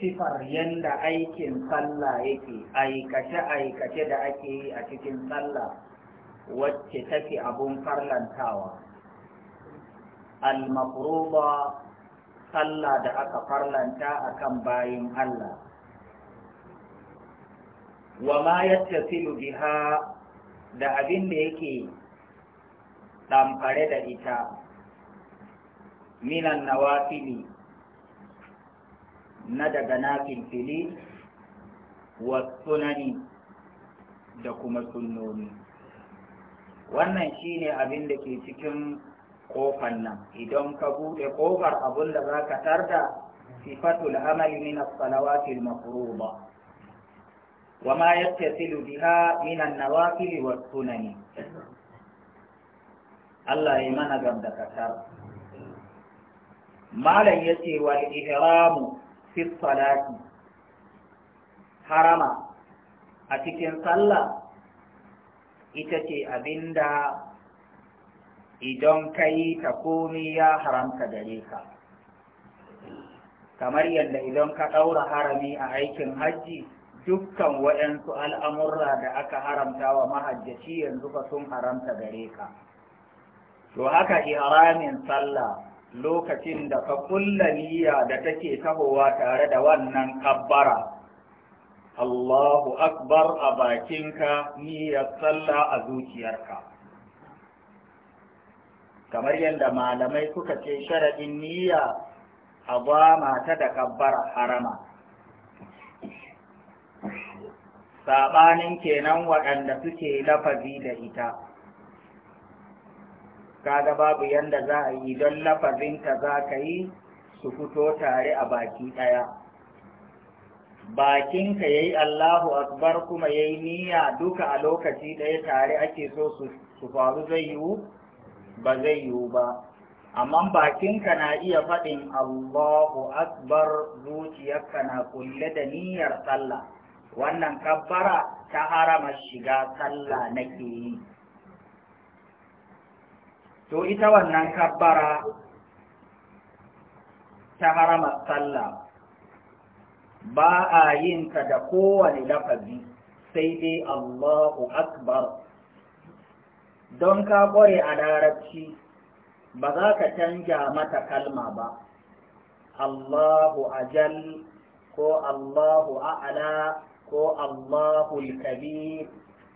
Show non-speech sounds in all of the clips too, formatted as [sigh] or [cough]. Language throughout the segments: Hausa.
sifar yanda aikin sallah yake aikace-aikace da ake yi a cikin sallah wacce take abun farlantawa al-mafruba sallah da aka farlanta akan bayin Allah wa ma yattasilu biha da abin da yake ɗamfare da ita minan nawafili na daga nafin fili wa sunani da kuma sunnoni wannan shine abin da ke cikin ƙofar nan idan ka buɗe ƙofar abin da za ka tarda sifatul amali min as-salawati al-mafruḍa wa ma yattasilu biha min an-nawafil wa sunani Allah ya mana gamda kasar malam yace wal ihramu fi salati harama a cikin sallah ita ce abinda idan kai ta komi ya haramta gare ka kamar yadda idan ka ɗaura harami a aikin hajji dukkan waɗansu al'amurra da aka haramta wa mahajjaci yanzu fa sun haramta gare ka to haka ihramin sallah lokacin da ka kulla niyya da take tahowa tare da wannan kabbara Allahu akbar a bakinka niyyar sallah a zuciyarka kamar yadda malamai suka ce sharaɗin niyya a gwama da kabbar harama saɓanin kenan waɗanda suke lafazi da ita kaga babu yanda za a yi don lafazin za ka yi su fito tare a baki ɗaya bakinka ya yi allahu akbar kuma ya yi niyya duka a lokaci ɗaya tare ake so su faru zai yiwu ba zai yiwu ba amma bakinka na iya faɗin allahu akbar zuciyarka na kulle da niyyar sallah wannan kabbara ta harama shiga sallah nake yi to ita wannan kabbara ta harama sallah ba a yin ta da kowane lafazi sai dai Allahu Akbar don ka ƙware a larabci ba za ka canja mata kalma ba Allahu ajal ko Allahu a'ala ko Allahu kabir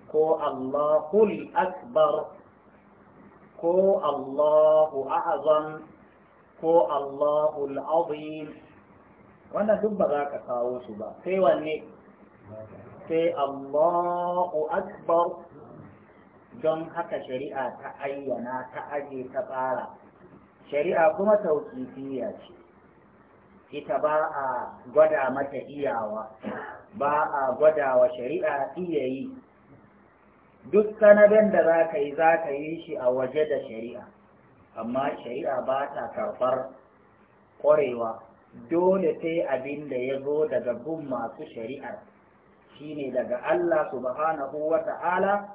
ko Allahu akbar ko Allahu azam ko Allahu azim wannan duk ba za ka kawo su ba sai wanne sai Allahu akbar don haka shari'a ta ayyana ta aje ta tsara shari'a kuma tauƙifiya ce ita ba a gwada mata iyawa ba a gwada wa shari'a iya yi duk sanadin da za ka yi za ka yi shi a waje da shari'a amma shari'a ba ta karɓar ƙwarewa dole sai abin da ya zo daga gun masu shari'ar shine daga Allah subhanahu wa ta'ala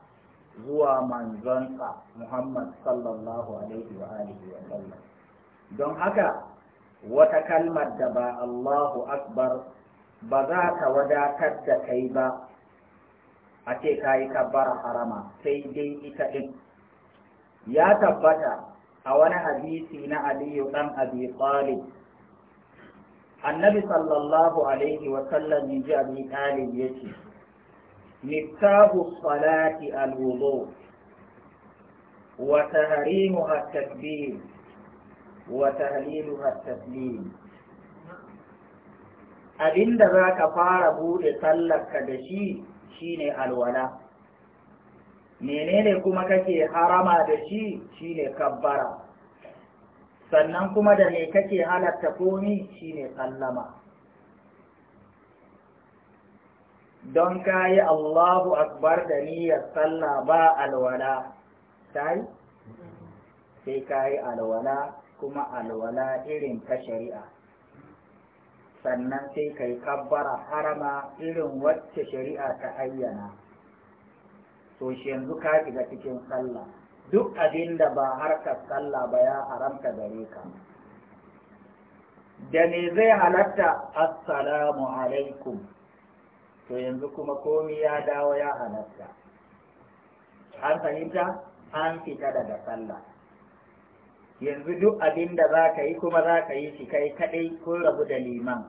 zuwa manzonsa Muhammad sallallahu alaihi wa alihi wa sallam don haka wata kalmar da ba Allahu akbar ba za ta wadatar da kai ba a ce ka yi kabbara harama sai dai ita ɗin ya tabbata a wani hadisi na aliyu ɗan abi talib annabi sallallahu alaihi wa sallam ji abi talib ya ce miftahu salati al-wudu wa tahrimuha at-takbir wa tahliluha at-taslim abinda za ka fara bude sallarka da shi shine alwala menene kuma kake harama da shi shine kabbara sannan kuma da me kake halatta komi shine sallama don ka Allahu akbar da niyyar sallah ba alwala sai sai alwala kuma alwala irin ta shari'a sannan sai kai kabbara harama irin wacce shari'a ta ayyana to shi yanzu ka shiga cikin sallah duk abin da ba harkar sallah ba ya haramta gare ka da me zai halatta assalamu alaikum to yanzu kuma komi ya dawo ya halatta an fahimta an fita daga sallah yanzu duk abin da za ka yi kuma za ka yi shi kai kaɗai ko rabu da liman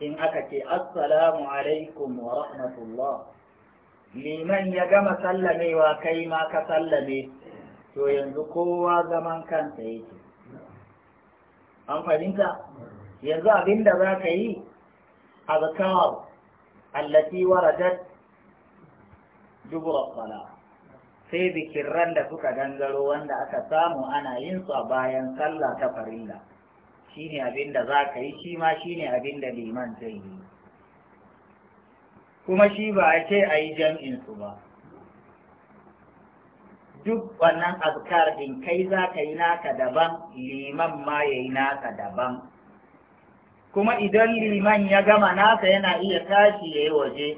in aka ce assalamu alaikum wa rahmatullah liman ya gama sallamewa kai ma ka sallame to yanzu kowa zaman kansa yake an fahimta yanzu abin da za ka yi azkar allati waradat dubura salat sai bikin ran da suka gangaro wanda aka samu ana yin su a bayan sallah ta farilla shine abin da za ka yi shi ma shine abin da liman zai yi kuma shi ba a ce a yi jam'in su ba duk wannan azkar din kai za ka yi naka daban liman ma ya yi naka daban kuma idan liman ya gama nasa yana iya tashi ya yi waje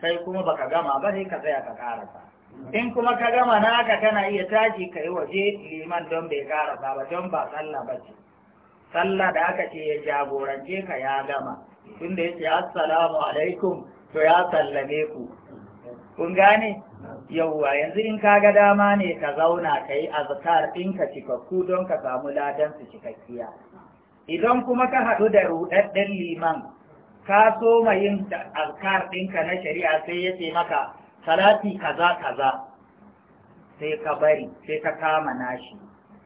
sai kuma baka gama ba sai ka tsaya ka karasa in kuma ka gama naka kana iya tashi ka yi waje liman don bai karasa ba don ba sallah ba ce sallah da aka ce ya jagorance ka ya gama tunda ya ce assalamu alaikum to ya sallame ku kun gane yauwa yanzu in ka ga dama ne ka zauna ka yi azkar ka cikakku don ka samu ladan su cikakkiya idan kuma ka haɗu da ruɗaɗɗen liman ka so yin azkar ɗinka na shari'a sai ya ce maka salati kaza kaza sai ka bari sai ka kama nashi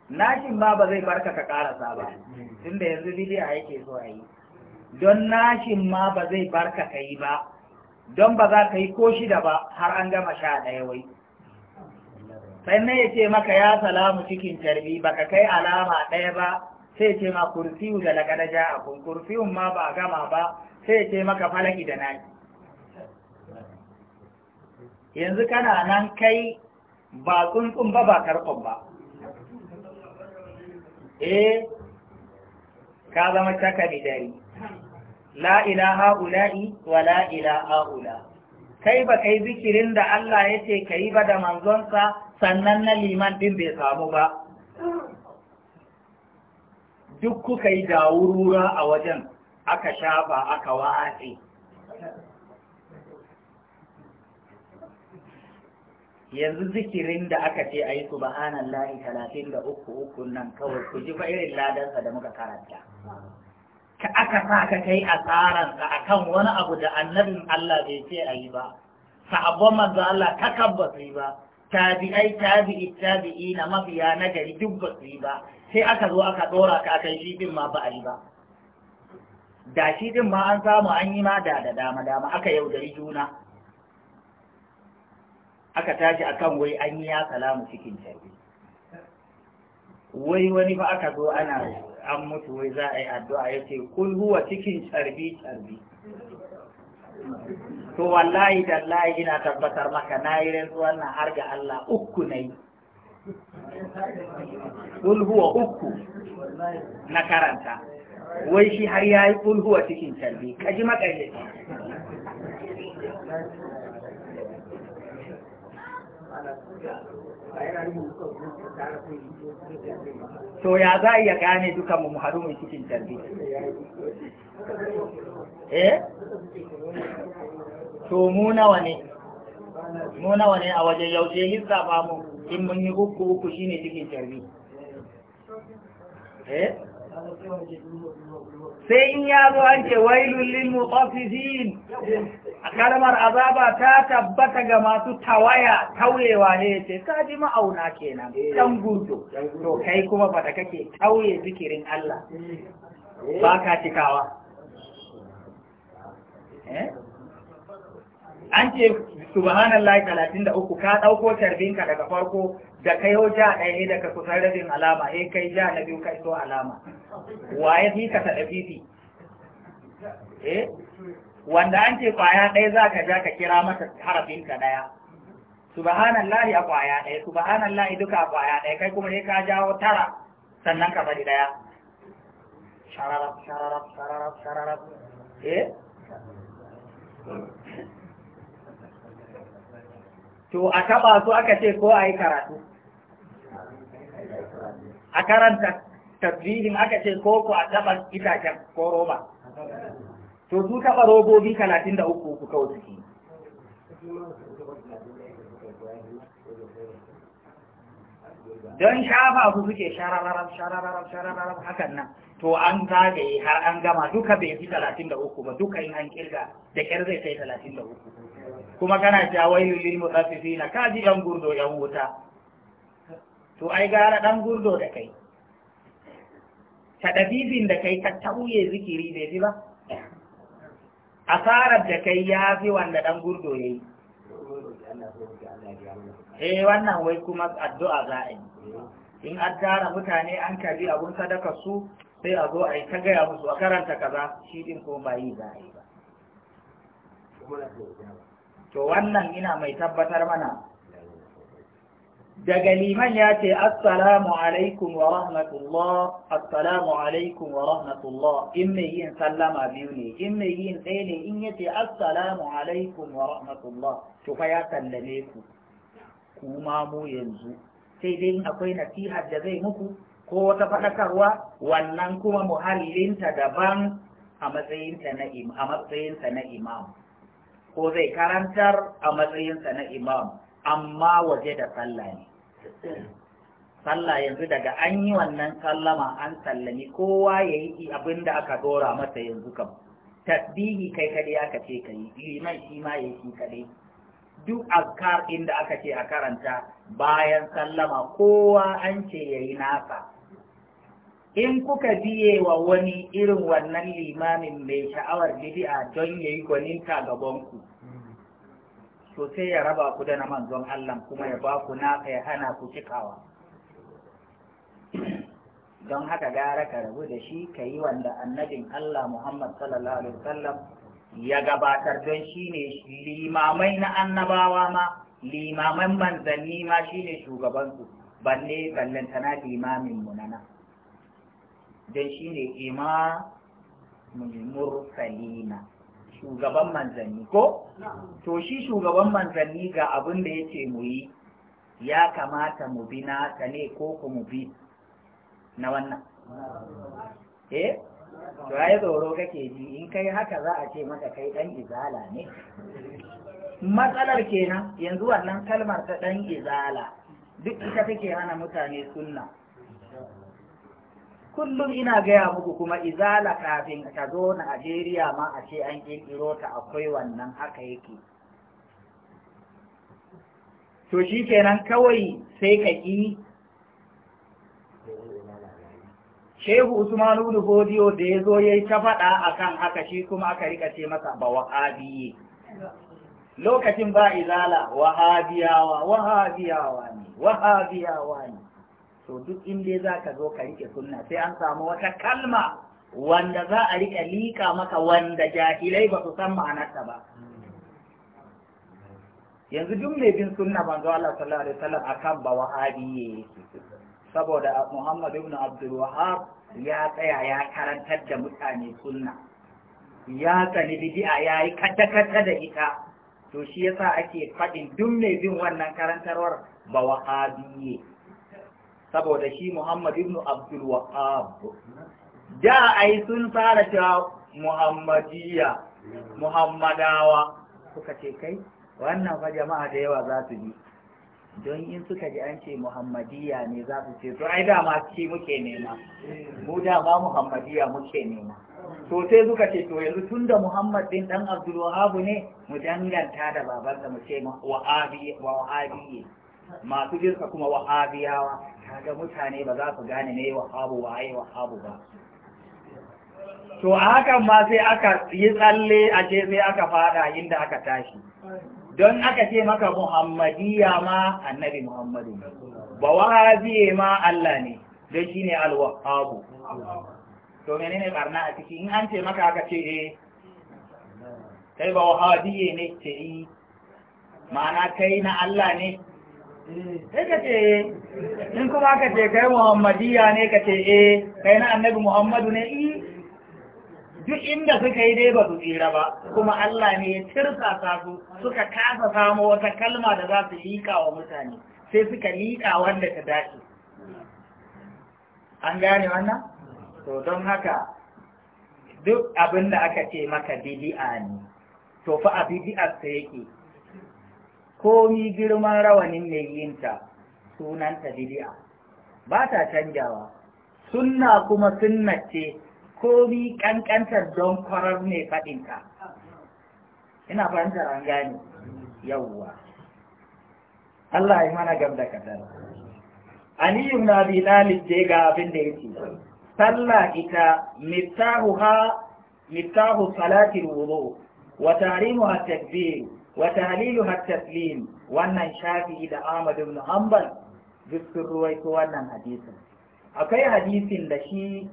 nashin ma ba zai barka ka karasa ba tunda yanzu bidiya yake so a yi don nashin ma ba zai barka ka yi ba don ba za ka yi ko shida ba har an gama sha ɗaya wai sannan ya ce maka ya salamu cikin carbi baka kai alama ɗaya ba sai ce ma kursiyu da lagadaja a kun kursiyun ma ba gama ba sai ce maka falaki da naki yanzu kana nan kai ba tsuntsun ba ba karkon ba eh ka zama taka dari. la ilaha ula'i wa la ilaha ula kai ba kai zikirin da Allah ya ce ka yi ba da manzonsa sannan na liman din bai samu ba duk kuka yi dawurura a wajen aka shafa aka wa'ace yanzu zikirin da aka ce a yi ayi layi talatin da uku uku nan kawai ku ji fa irin ladansa da muka karanta ka aka sa ka kai a a kan wani abu da annabin Allah bai ce yi ba sahabban manzo Allah ta kabbata yi ba tabi'ai tabi'i tabi'i na mafiya na gari duk ba su yi ba sai aka zo aka dora ka aka shi din ma ba a yi ba da shi din ma an samu an yi ma da da dama dama aka yaudari juna aka tashi kan wai an yi ya salamu cikin jari wai wani ba aka zo ana an mutu wai za a yi addu'a ya ce kun huwa cikin carbi carbi to wallahi tallahi ina tabbatar maka na yi rantsuwar na har ga Allah uku na yi Kulhuwa huwa uku na karanta wai shi har ya yi kulhuwa huwa cikin carbi ka ji makarye to ya za a iya gane duka mu harumin cikin tarbi eh to mu nawa ne mu nawa ne a wajen yin zaba mu in mun yi uku uku shine cikin tarbi eh sai in ya zo an ce wailul lil mutaffifin kalmar azaba ta tabbata ga masu tawaya tauyewa ne ce ka ji ma'auna kenan dan gudu to kai kuma ba da kake tauye zikirin Allah ba ka cikawa eh? an ce subhanallahi talatin da uku ka ɗauko tarbinka daga farko da kai ja ɗaya daga ka kusan rabin alama eh kai ja na biyu kai iso alama waye fi ka taɗa fifi eh wanda an ce kwaya ɗaya za ka ja ka kira mata ka ɗaya subhanallah a kwaya ɗaya subhanallah duka a kwaya ɗaya kai kuma ne ka jawo tara sannan ka bari ɗaya shararab shararab shararab shararab eh to a taɓa su aka ce ko a yi karatu a karanta tasbihin aka ce ko ku a taba itacen ko roba to su taɓa robobi talatin da uku ku kawo suke don shafa su suke sharararar sharararar sharararar hakan nan to an zagaye har an gama duka bai fi talatin da uku ba duka in an kirga da kyar zai kai talatin da uku kuma kana cewa wayu lil mutaffifina ka ji yan gurdo yan wuta to ai gara dan gurdo da kai tadabibin da kai ka tauye zikiri bai ji ba asarar da kai ya fi wanda dan gurdo yayi eh wannan wai kuma addu'a za a yi in an tara mutane an kaji abun sadaka su sai a zo a yi ta gaya musu a karanta kaza shi din ko ba yi za a yi ba to wannan ina mai tabbatar mana daga liman ya ce assalamu alaikum wa rahmatullah assalamu alaikum wa rahmatullah in mai yin sallama biyu ne in mai yin ɗaya ne in ya ce assalamu alaikum wa rahmatullah to fa ya sallame ku ku ma mu yanzu sai dai akwai nasihar da zai muku ko wata faɗakarwa wannan kuma muhallinta daban a matsayinta na imam ko zai karantar a matsayinsa na imam amma waje da sallah ne sallah yanzu daga an yi wannan sallama an sallami kowa ya yi abin da aka dora masa yanzu kam tasbihi kai kadai aka ce ka yi liman shi ma ya shi kadai duk azkar inda aka ce a karanta bayan sallama kowa an ce ya yi nasa in kuka biye wa wani irin wannan limamin mai sha'awar bidi'a don ya yi gwaninta gabanku to sai ya raba ku da na manzon Allah kuma ya ba ku naka ya hana ku cikawa don haka gara ka rabu da shi ka yi wanda annabin Allah Muhammad sallallahu alaihi wasallam ya gabatar don shi ne limamai na annabawa ma limaman manzanni ma shi ne shugabansu balle na limamin munana. don shi ne imamul mursalina shugaban manzanni ko to shi shugaban manzanni ga abin da yace mu yi ya kamata mu bi na ta ne ko ku mu bi na wannan eh to ai tsoro kake ji in kai haka za a ce maka kai dan izala ne matsalar kenan yanzu wannan kalmar ta dan izala duk ita take hana mutane sunna kullum ina gaya muku kuma izala kafin ka zo Najeriya ma a ce an kirkiro ta akwai wannan aka yake to shi kenan kawai sai ka ƙi shehu usman ibn da ya zo yayi ta faɗa akan haka shi kuma aka rika ce masa ba wahabiye lokacin ba izala wahabiyawa wahabiyawa ne wahabiyawa ne So duk in dai za ka zo ka rike sunna sai an samu wata kalma wanda za a rika liƙa maka wanda jahilai ba su san ma'anarta ba yanzu duk mai bin sunna zo Allah sallallahu alaihi wasallam akan ba wahabi saboda Muhammad ibn Abdul Wahhab ya tsaya ya karantar da mutane sunna ya tsani bid'a yayi kata-kata da ita to shi yasa ake faɗin duk mai bin wannan karantarwar ba wahabiye saboda shi Muhammad ibn Abdul Wahhab da ai sun fara cewa Muhammadiyya, Muhammadawa suka ce kai wannan fa jama'a da yawa za su ji don in suka ji an ce Muhammadiyya ne za su ce to ai dama ce muke nema mu dama Muhammadiyya muke nema to sai suka ce to yanzu tunda Muhammad din dan Abdul Wahhab ne mu danganta da babansa mu ce wa'abi Wahabi masu jinsa kuma Wahabiyawa kaga mutane ba za su gane me wahabu ba ai wahabu ba to a hakan ma sai aka yi tsalle a ce sai aka fada inda aka tashi don aka ce maka muhammadiya ma annabi muhammadu ba wahabiye ma Allah ne don shine alwahabu to menene barna a ciki in an ce maka aka ce eh kai ba wahabiye ne ce yi eh, ma'ana kai na Allah ne Eh, ka ce in kuma ka ce kai muhammadiya ne ka ce eh, kai na annabi muhammadu ne eh. duk inda suka yi dai ba su tsira ba kuma Allah ne ya tirsasa su suka kasa samo wata kalma da za su liƙa wa mutane sai suka liƙa wanda ta dace an gane wannan to don haka duk abin da aka ce maka bidi'a ne to fa a bidi'ar sa yake komi girman rawanin mai yinta sunanta bid'a ba ta canjawa sunna kuma sunna ce komi kankantar don kwarar mai faɗinta ina fahimtar an gane yawwa Allah ya mana gam da kadar Aliyu na Bilal je ga abin da yake sallah ita miftahu ha miftahu salatil wudu wa tarimu at-takbir wa tahlilu taslim wannan shafi'i da Ahmad ibn Hanbal duk sun ruwaito wannan hadisin akwai hadisin da shi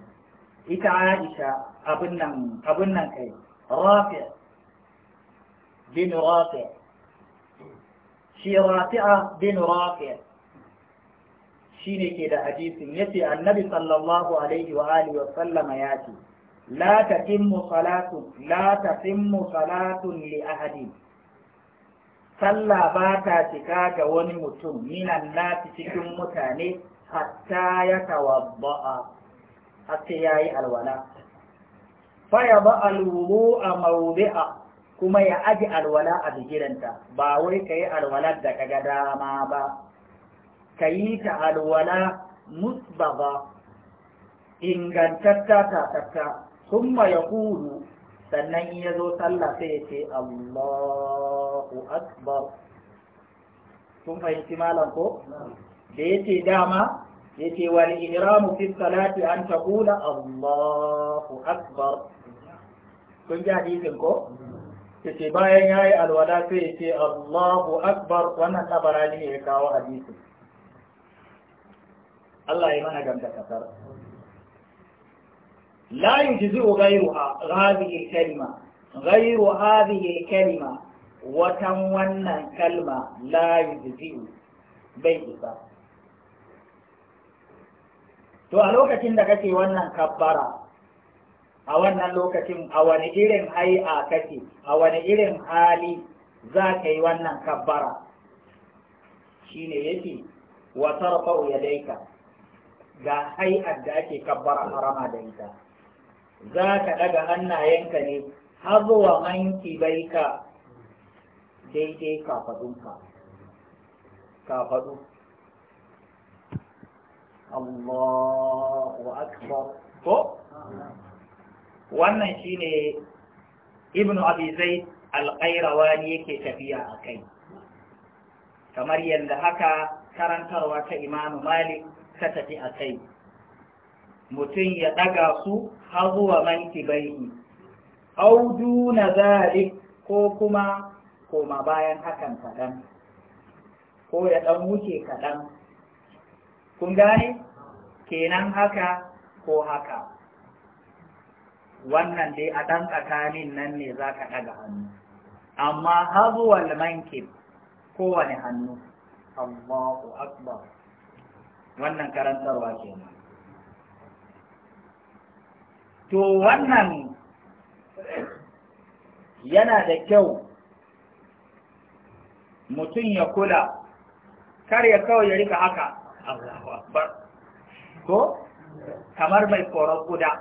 ita Aisha abin nan abin nan kai Rafi' bin Rafi' shi Rafi'a bin Rafi' ne ke da hadisin yace Annabi sallallahu alaihi wa alihi wa sallama ya ce la tatimmu salatu la tatimmu salatun li ahadin sallah ba ta cika ga wani mutum minan nasi cikin mutane hatta ya tawadda'a hatta yi alwala fa ya ba Maube mawdi'a kuma ya aji alwala a bigiranta ba wai ka yi alwala daga ga dama ba Ka yi ta alwala musbaba ingantatta tatta kuma ya kuru sannan in ya zo sallah sai ya ce Allah Allahu akbar kun fahimci malam ko da ya ce dama ya ce wal ihramu fi salati an taqula Allahu akbar kun ji hadisin ko yace bayan ya yayi alwala sai ya ce Allahu akbar wannan tabarani ne ya kawo hadisin Allah ya mana gamta kasar la yujzi ghayruha hadhihi al-kalima ghayru hadhihi al-kalima watan wannan kalma la yujzi'u bai isa to a lokacin da kake wannan kabbara a wannan lokacin a wani irin hai'a kake a wani irin hali za ka yi wannan kabbara shine yake wa ya yadayka ga hai'ar da ake kabbara harama da ita za ka daga hannayenka ne har zuwa manki baika daidai kafadunka kafadu Allahu akbar ko wannan shine ibn abi zaid al-qayrawani yake tafiya a kai kamar yadda haka karantarwa ta imamu malik ta tafi a kai mutum ya daga su har zuwa manki bai au duna zalik ko kuma koma bayan hakan kaɗan ko ya ɗan wuce kaɗan kun gane kenan haka ko haka wannan dai a ɗan tsakanin nan ne za ka ɗaga hannu amma hazuwal mankib kowane hannu Allahu akbar wannan karantarwa kenan to wannan yana da kyau mutum ya kula kar ya kawai ya rika haka ko kamar mai koron kuda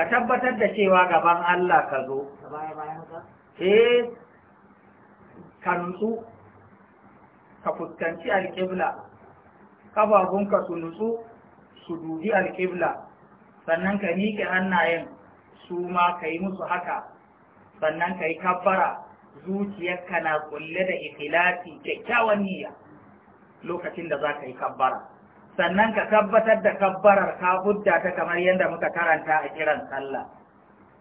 ka tabbatar da cewa gaban Allah ka zo eh ka nutsu ka fuskanci alƙibla kafafunka su nutsu su dubi alƙibla sannan ka miƙe hannayen su ma ka yi musu haka sannan ka yi kabbara zuciyarka na kulle da ikhlasi kyakkyawan niyya lokacin da za ka yi kabbara sannan ka tabbatar da kabbarar ka hudda ta kamar yadda muka karanta a kiran sallah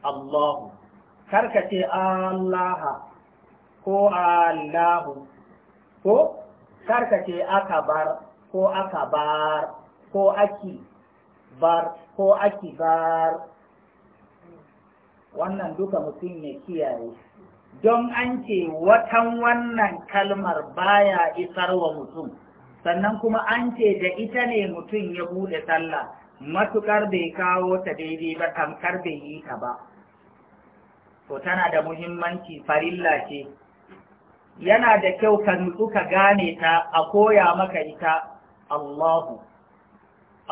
Allahu ka ce Allah ko Allahu ko ka ce akabar ko akabar ko aki bar ko aki bar wannan duka mutum ne kiyaye don an ce watan wannan kalmar baya isar wa mutum sannan kuma an ce da ita ne mutum ya bude sallah matukar bai kawo ta daidai ba tamkar bai yi ta ba to tana da muhimmanci farilla ce yana da kyau ka nutsu ka gane ta a koya maka ita Allahu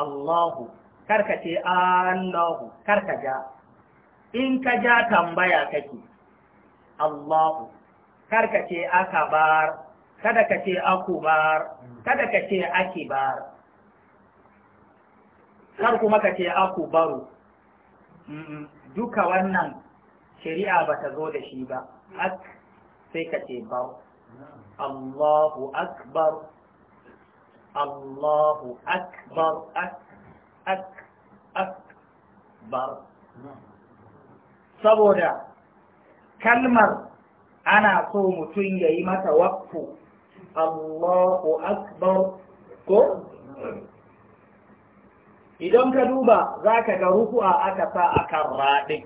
Allahu karka ce Allahu karka ja in ka ja tambaya kake Allahu karka ce aka bar? kada ka ce aku bar? kada ka ce ake bar? kar kuma ka ce aku akubaru duka wannan shari'a ba ta zo da shi ba ak sai ka ce bar Allahu akbar Allahu akbar ak ak bar. saboda kalmar ana so mutum ya yi mata wakfu Allahu akbar ko idan ka duba za ka ga ruku'a aka sa a kan raɗin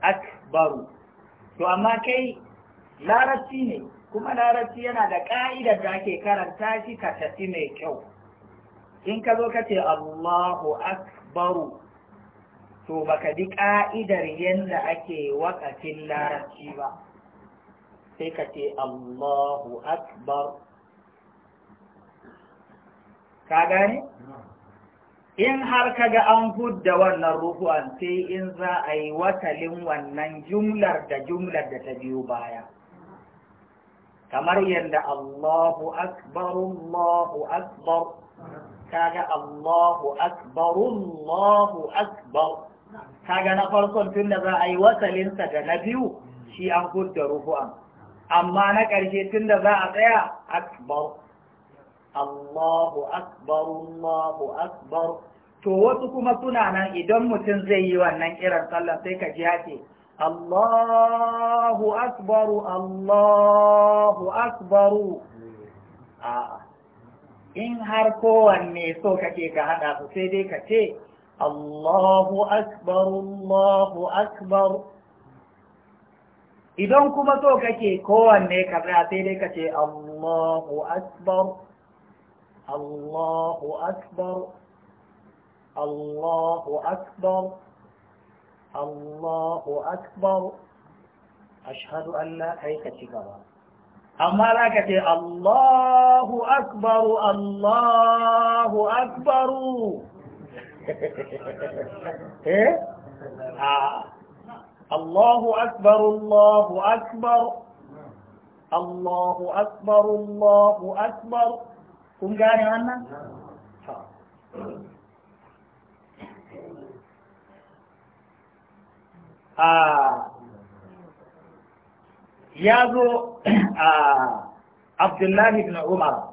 akbaru to amma kai larabci ne kuma larabci yana da ƙa'idar da ake karanta shi ka tafi mai kyau in ka zo ka ce Allahu akbaru to baka bi ka'idar yadda ake wakafin larabci ba sai ka ce Allahu akbar ka gane in har ka ga an hudda wannan ruhuwan sai in za a yi watalin wannan jumlar da jumlar da ta biyo baya kamar yadda Allahu akbar Allahu akbar kaga Allahu akbar Allahu akbar kaga na farkon tun da za a yi wasalinsa da na biyu shi an da rufu'an amma na ƙarshe tun da za a tsaya akbar Allahu akbar Allahu akbar to wasu kuma suna nan idan mutum zai yi wannan irin sallar sai ka ji ce Allahu akbaru Allahu akbaru a in har kowanne so kake ka haɗa su sai dai ka ce Allahu akbar Allahu akbar idan kuma so kake kowanne kaza sai dai kace Allahu akbar Allahu akbar Allahu akbar Allahu akbar ashhadu an la ilaha illallah amma za ka ce Allahu akbaru Allahu akbaru [laughs] ايه الله أكبر الله أكبر الله أكبر الله أكبر كم قاني عنا ابو آه. آه. آه. عبد الله بن عمر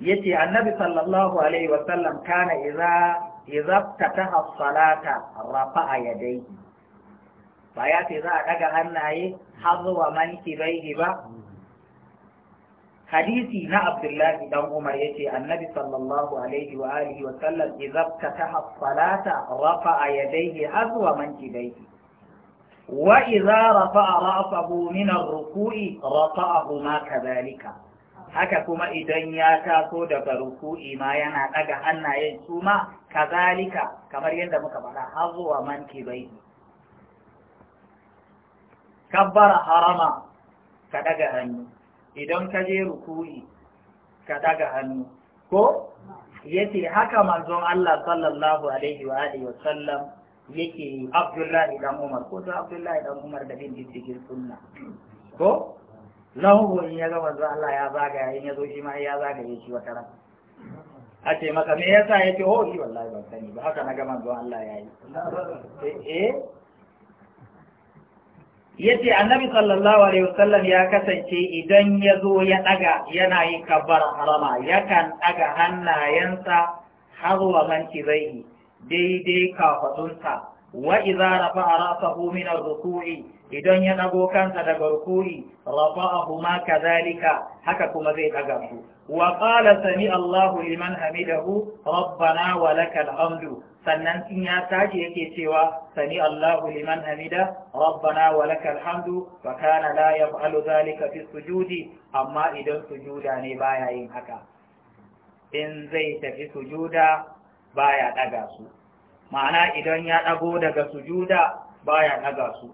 yace annabi sallallahu alaihi wa sallam kana idza idza tataha salata rafa'a yadayhi ba ya ce za a daga hannaye har zuwa mankibaihi ba hadisi na abdullahi dan umar yace annabi sallallahu alaihi wa alihi wa sallam idza tataha salata rafa'a yadayhi har zuwa mankibaihi wa idza rafa'a ra'sahu min ar-ruku'i rafa'ahu ma kadhalika haka kuma idan ya taso daga ruku'i ma yana ɗaga hannayen su ma kazalika kamar yadda muka faɗa har man manki bai kabbara harama ka ɗaga hannu idan ka je ruku'i ka ɗaga hannu ko yace haka manzon Allah sallallahu alaihi wa alihi wa sallam yake Abdullahi dan Umar ko da Abdullahi dan Umar da bin diddigin sunna ko lahubu in ya ga zuwa Allah ya zaga in ya zo shi ma ya zaga ya shi wata ran a ce maka me yasa yake ho oh, shi wallahi ban sani ba haka na ga zuwa Allah ya yi eh, eh. yace annabi sallallahu alaihi wasallam ya kasance idan ya zo ya daga yana yin kabbar harama yakan daga hannayensa har wa manki zai daidai kafadunsa wa idza rafa'a ra'sahu min ar-ruku'i idan ya dago kansa daga ruku'i rafa'ahu ma kadhalika haka kuma zai daga su wa qala sami Allahu liman hamidahu rabbana wa lakal hamdu sannan in ya tashi yake cewa sami Allahu liman hamida rabbana wa lakal hamdu wa kana la yaf'alu dhalika fi sujudi amma idan sujuda ne baya yin haka in zai tafi sujuda baya daga su ma'ana idan ya ɗago daga sujuda baya ɗaga su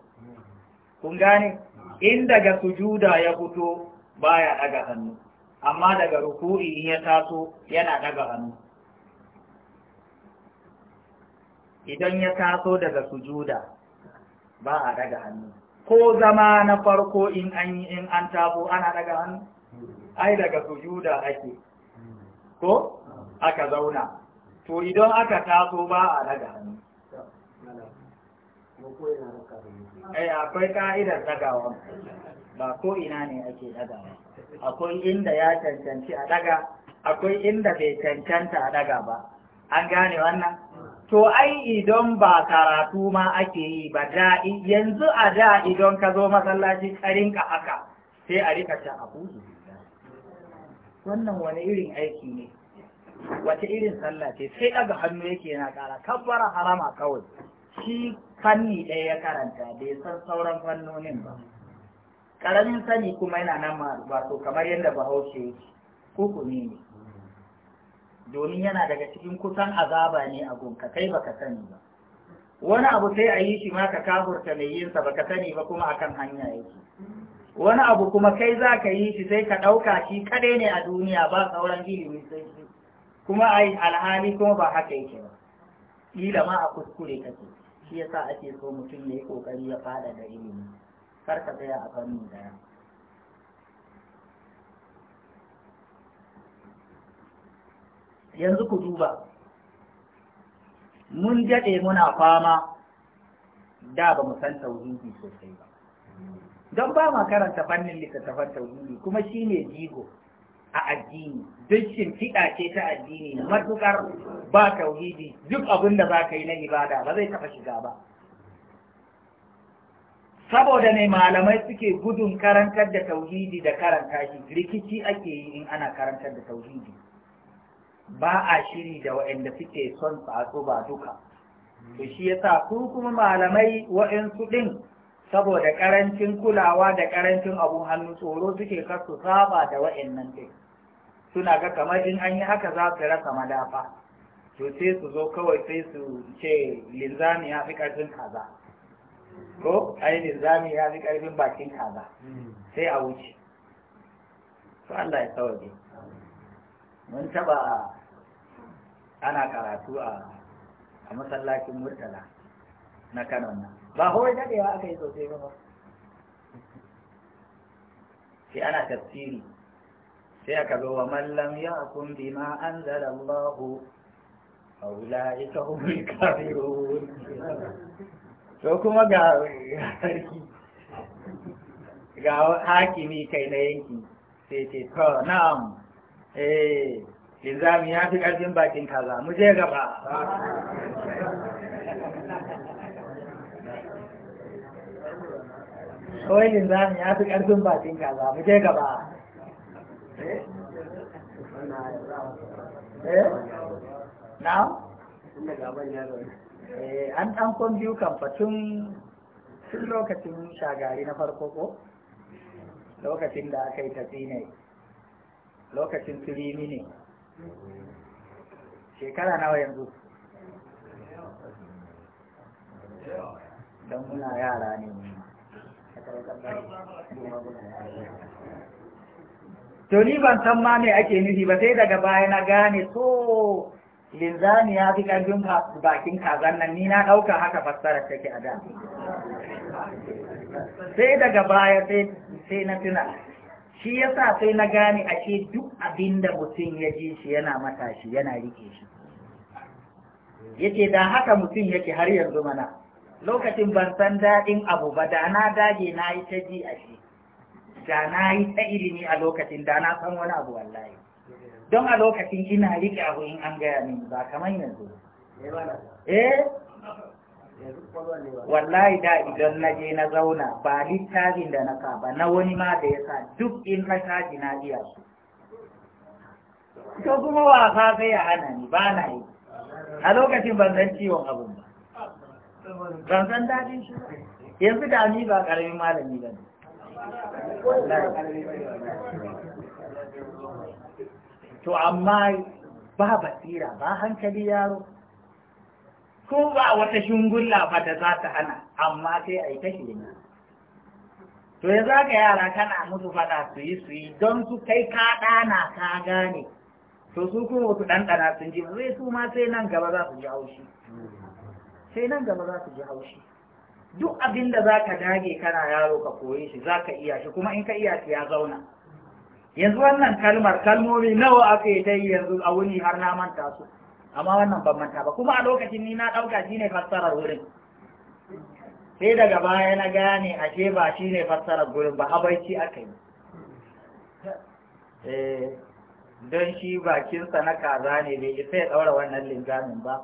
kun gane in daga sujuda ya fito baya ɗaga hannu amma daga ruku'i in ya taso yana ɗaga hannu idan ya taso daga sujuda ba a ɗaga hannu ko zama na farko in an yi in an tabo ana ɗaga hannu ai daga sujuda ake ko aka zauna to idan aka taso ba a daga hannu ai eh, akwai ka'idar dagawa ba ko ina ne ake dagawa akwai inda ya cancanci a daga akwai inda bai cancanta a daga ba an gane wannan to ai idan ba karatu ma ake yi ba da yanzu a da idan ka zo masallaci karinka haka sai a rika ta a wannan wani irin aiki ne wata irin sallah ce sai daga hannu yake yana kara kabbara harama kawai shi fanni ɗaya ya karanta bai san sauran fannonin ba Ƙaramin sani kuma yana nan wato kamar yadda bahaushe yake hukumi ne domin yana daga cikin kusan azaba ne a gunka kai baka sani ba wani abu sai a yi shi ma ka kafurta mai yinsa baka sani ba kuma akan hanya yake wani abu kuma kai za ka yi shi sai ka ɗauka shi kaɗai ne a duniya ba sauran ilimi sai shi kuma ai alhali kuma ba haka yake ba kila ma a kuskure kake shi yasa ake so mutum ya yi kokari ya fada da ilimi kar ka tsaya a fannin daya yanzu ku duba mun jade muna fama da ba mu san tauhidi sosai ba don ba ma karanta fannin littattafan tauhidi kuma shine jigo a addini duk fiɗa ce ta addini matuƙar ba tauhidi duk abin da za ka yi na ibada ba zai taɓa shiga ba saboda ne malamai suke gudun karantar da tauhidi da karanta shi rikici ake yi in ana karantar da tauhidi ba a shiri da waɗanda suke son tsatso ba duka to shi yasa ku kuma malamai waɗansu ɗin saboda ƙarancin kulawa da ƙarancin abun hannu tsoro suke kasu saba da waɗannan ɗin suna ga kamar in an yi haka za su rasa madafa to sai su zo kawai sai su ce linzami ya fi ƙarfin kaza ko ai linzami ya fi ƙarfin bakin kaza sai a wuce to Allah ya sauke mun taba ana karatu a a masallacin murtala na Kano na. ba hawai daɗewa aka yi sosai ba sai ana tafsiri sai aka zo wa mallam ya kun bi ma an zara Allahu ita humul kafirun to kuma ga sarki ga hakimi kai na yanki sai ce to na'am eh linzami ya fi ƙarfin bakin kaza mu je gaba kawai linzami ya fi ƙarfin bakin kaza mu je gaba Eh? na? Eh, an ɗan kwan biyu kamfatun tun lokacin shagari na farko ko lokacin da aka yi tafi ne lokacin turimi ne shekara nawa yanzu don muna yara ne a to ni ban san ma me ake nufi ba sai daga baya na gane so linzani ya fi ƙarfin bakin kazan nan ni na ɗauka haka fassara take a da sai daga baya sai na tuna shi yasa sai na gane ashe duk abin da mutum ya ji shi yana matashi yana rike shi yake da haka mutum yake har yanzu mana lokacin ban san daɗin abu ba da na dage na yi ta ji a shi da na yi ta ilimi a lokacin da na san wani abu wallahi don a lokacin ina riƙe abu in an gaya min ba kamar yanzu eh wallahi da idan na je na zauna ba littafin da na kaba na wani ma da ya sa duk in na kaji na iya su to kuma wasa sai ya hana ni ba na yi a lokacin ban san ciwon abun ba ban san dadin shi yanzu da ni ba ƙaramin malami ba ne to amma ba basira ba hankali yaro ko ba wata shungulla ba da za ta hana amma sai a yi ta ne. to ya za ka yara kana musu fada su yi su yi don su kai ka ɗana ka gane to su kuma wasu ɗanɗana sun ji zai su ma sai nan gaba za su ji haushi sai nan gaba za su ji haushi duk abin da za ka dage kana yaro ka koyi shi za ka iya shi kuma in ka iya shi ya zauna yanzu wannan kalmar kalmomi nawa aka yi ta yi yanzu a wuni har na manta su amma wannan ban manta ba kuma a lokacin ni na ɗauka shi ne fassarar wurin sai daga baya na gane ashe ba shi ne fassarar wurin, ba habaici aka yi eh, don shi bakinsa na kaza ne bai isa ya ɗaura wannan lingamin ba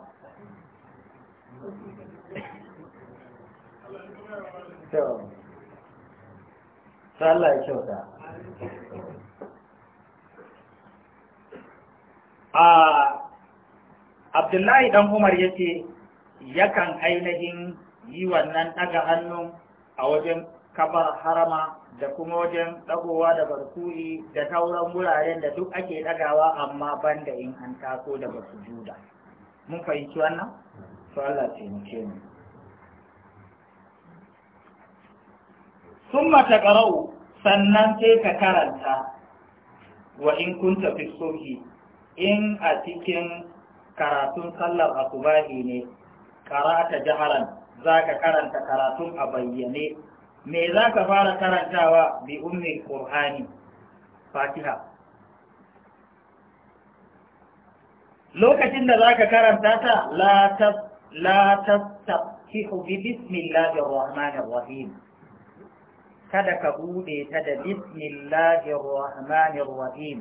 ya kyauta abdullahi dan umar ya ce yakan ainihin yi wannan ɗaga hannu a wajen kafar harama da kuma wajen ɗagowa da barkuri da tauran wuraren da duk ake ɗagawa amma banda in an taso da basu juda mun fahimci wannan ce mu ce mu sun mata ƙarau sannan sai ka karanta wa in kun tafi soki in a cikin karatun sallar asubahi ne karata jaharan za ka karanta karatun a bayyane me za ka fara karantawa bi ummin qur'ani fatiha lokacin da za ka karanta ta la ta la ta bi bismillahir rahmanir rahim kada ka bude ta da bismillahir rahmanir rahim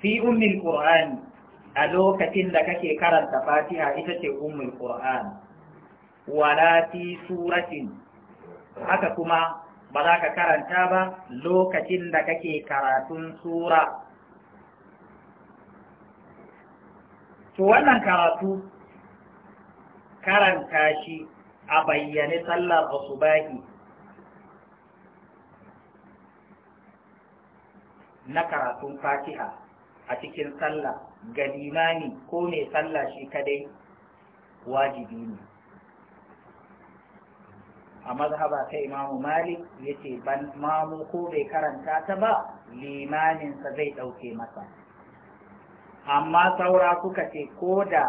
fi ummil qur'an a lokacin da kake karanta fatiha ita ce ummul qur'an wala fi suratin haka kuma ba za ka karanta ba lokacin da kake karatun sura to wannan karatu karanta shi a bayyane sallar asubahi na karatun fatiha a cikin sallah ga limani ko mai sallah shi kadai wajibi ne a mazhaba ta imamu malik ya ce ban mamu ko bai karanta ta ba limaninsa zai ɗauke masa amma saura kuka ce ko da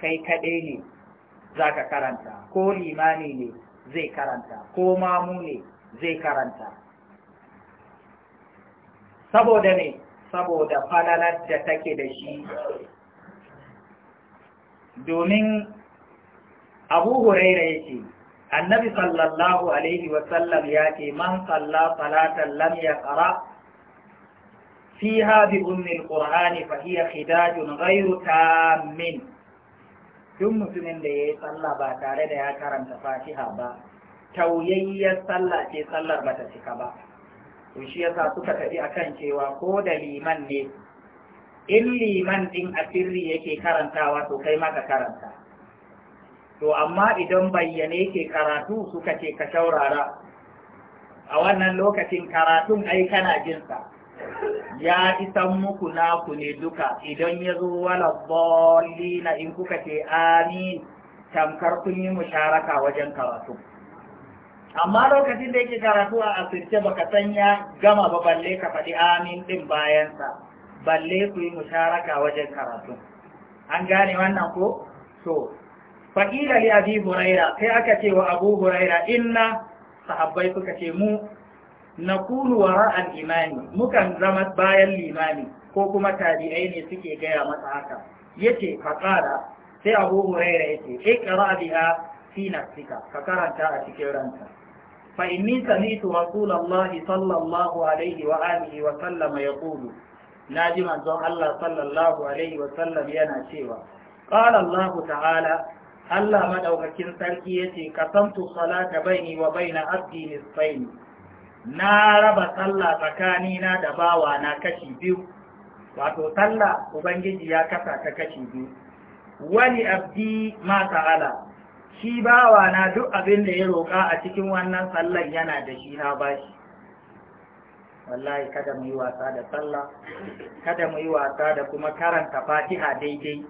kai kaɗai ne za ka karanta ko limani ne zai karanta ko mamu ne zai karanta saboda ne saboda falalar da take da shi domin abu huraira ce, annabi sallallahu alaihi wasallam ya ce man salla salatan lam ya fiha bi ummil qur'ani fa hiya khidajun ghayru tammin duk mutumin da ya yi sallah ba tare da ya karanta fatiha ba tauyayyar sallah ce sallar ba ta cika ba to shi yasa suka tafi akan cewa ko da liman ne in liman din a sirri yake karantawa to kai maka karanta to amma idan bayyane ke karatu suka ce ka shaurara a wannan lokacin karatun ai kana jinsa ya isan muku naku ne duka idan ya zo wala na in kuka ce amin tamkar kun yi musharaka wajen karatu amma lokacin da yake karatu a asirce baka san ya gama ba balle ka faɗi amin din bayansa balle ku yi musharaka wajen karatu an gane wannan ko so faƙila li abi huraira sai aka ce wa abu huraira inna sahabbai suka ce mu na kulu wara imani, mukan zama bayan limani ko kuma tabi'ai ne suke gaya masa haka yace faƙara sai abu huraira yace ikra biha fi nafsika ka karanta a cikin ranta. fa inni sami'tu rasulullahi sallallahu alaihi wa alihi wa sallam Na ji manzon Allah sallallahu alaihi wa sallam yana cewa qala Allah ta'ala Allah maɗaukacin sarki yace kasamtu salata baini wa baina abdi nisfaini na raba sallah tsakanina da bawa na kashi biyu wato sallah ubangiji ya kasa ta kashi biyu wani abdi ma ta'ala shi bawa na duk abin da ya roƙa a cikin wannan sallan yana da shi na bashi wallahi kada mu yi wasa da sallah kada mu yi wasa da kuma karanta fatiha daidai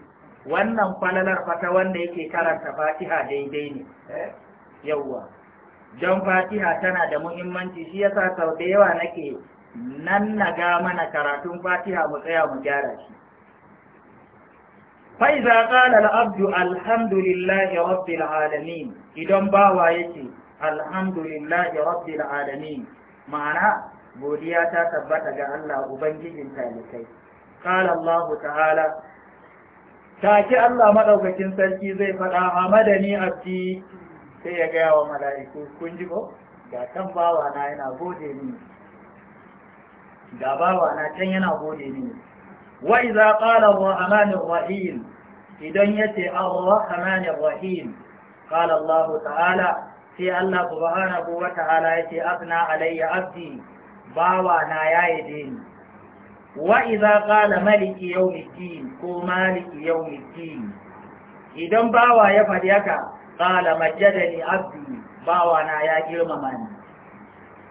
wannan falalar fata wanda yake karanta fatiha daidai ne yawwa don fatiha tana da muhimmanci shi yasa sau da yawa nake nan na ga mana karatun fatiha mu tsaya mu gyara shi فإذا قال العبد Abdu alhamdulillahi رب Alamin, idan bawa yake alhamdulillah rabbil alamin ma'ana godiya ta tabbata ga Allah ubangijin talikai qala Allah ta'ala take Allah madaukakin sarki zai faɗa hamadani abdi sai ya gaya wa mala'iku kun ji ko ga kan bawa na yana gode ni ga bawa na can yana gode ni wa iza qala amani rahim idan yace ar-rahmanir rahim qala Allah ta'ala fi Allah subhanahu wa ta'ala yace afna alayya abdi bawa na yayi dini wa iza qala maliki yawmiddin ko maliki yawmiddin idan bawa ya fadi haka qala majjadani abdi bawana ya girmama ni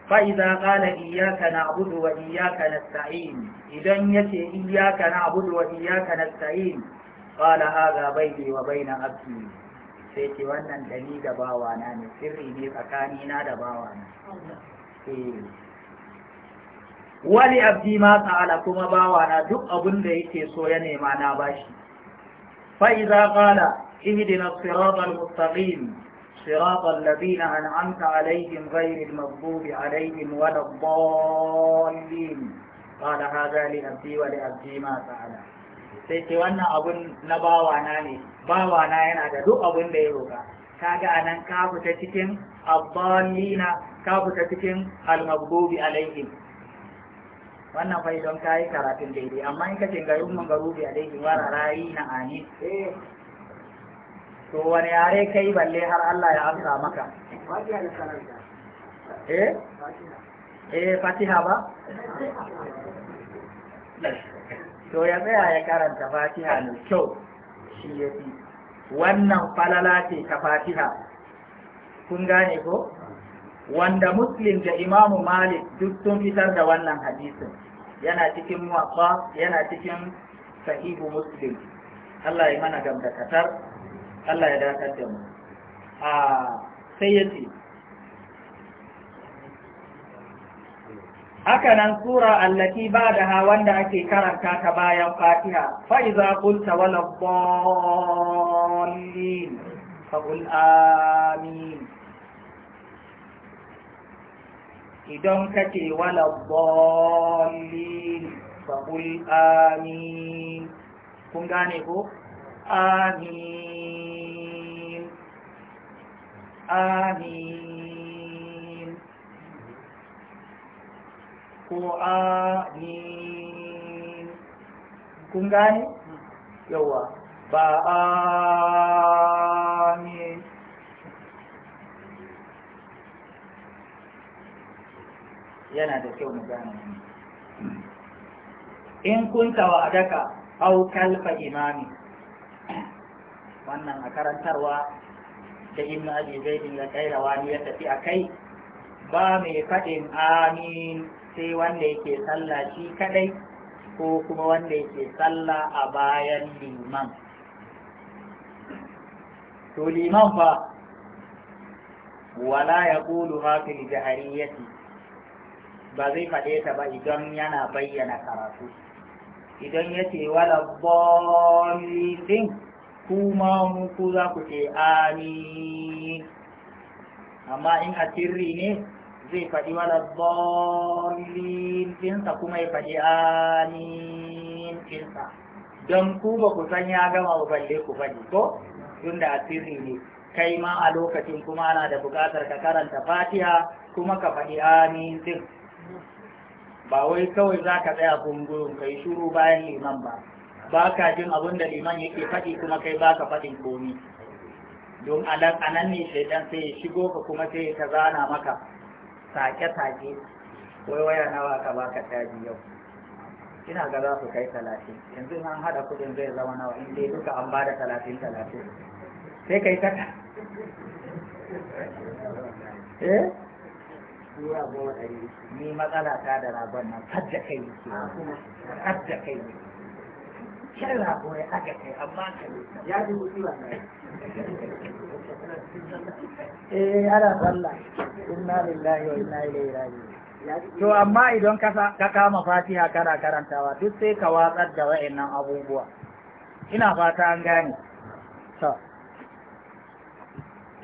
Fa'iza ƙala iyaka na abudu wa na sa’in idan iyaka na abudu wa iyyaka nasta'in qala bai ne wa na abdi sai ce wannan dani da bawana ne sirri ne tsakanina da bawana eh wani abdi ma ta'ala kuma bawana duk abin da yake so ya nema na bashi fa idza qala اهدنا الصراط المستقيم صراط الذين أنعمت عليهم غير المغضوب عليهم ولا الضالين قال هذا لنفسي ولأبدي ما فعل sai ce wannan abun na bawana ne bawana yana da duk abun da ya roka kaga anan ka fita cikin abbalina ka fita cikin almagdubi alaihim wannan fa idan kayi karatun daidai amma in ka ce garin mangarubi alaihim wa ra'ayi na ani to wani yare kai balle har Allah ya amsa maka eh eh fatiha ba to ya tsaya ya karanta fatiha ne kyau shi ya fi wannan falala ce ta fatiha kun gane ko wanda muslim da imamu malik duk sun fitar da wannan hadisin yana cikin muwaffa yana cikin sahihu muslim Allah ya mana gamdakatar Allah ya dakar da mu a sai ya ce haka nan sura da hawan wanda ake karanta ta bayan fatiha Faiza, kulta, wala dallin fa’ul qul amin idan kace wala dallin fa’ul qul amin kun gane ko آمين آمين Ku amin kun gane yawa ba amin yana da kyau mu gane in kunta wa adaka au kalfa imami wannan a karantarwa da inna abi zaidin ya kaira wani ya tafi a kai ba mai faɗin amin sai wanda yake sallah shi kadai ko kuma wanda yake sallah a bayan liman to liman fa wala ya kulu fil jahariyati ba zai faɗe ta ba idan yana bayyana karatu idan ya ce wala bolin kuma mu ku za ku ce amin amma in a sirri ne zai faɗi wala zolin ɗinsa kuma ya faɗi amin ɗinsa don ku ba ku san ya gama ba balle ku faɗi ko tun da a sirri ne kai ma a lokacin kuma ana da buƙatar ka karanta fatiha kuma ka faɗi amin ɗin ba wai kawai za ka tsaya kungurin kai shuru bayan liman ba ba ka jin abin da liman yake faɗi kuma kai ba ka faɗin komi don a nan ne shaidan sai ya shigo ka kuma sai ya ta zana maka sake-sake wai waya nawa ka ba ka caji yau ina ga za su kai talatin yanzu an haɗa kuɗin zai zama nawa in dai duka an ba da talatin talatin sai kai kaka eh ni matsala ta da rabon nan fadda kai ne fadda kai ne shan haka kai amma ya ji ba eh ana sallah inna lillahi wa inna ilaihi to amma idan ka ka kama fatiha kana karantawa duk sai ka watsar da wa'annan abubuwa ina fata an gane to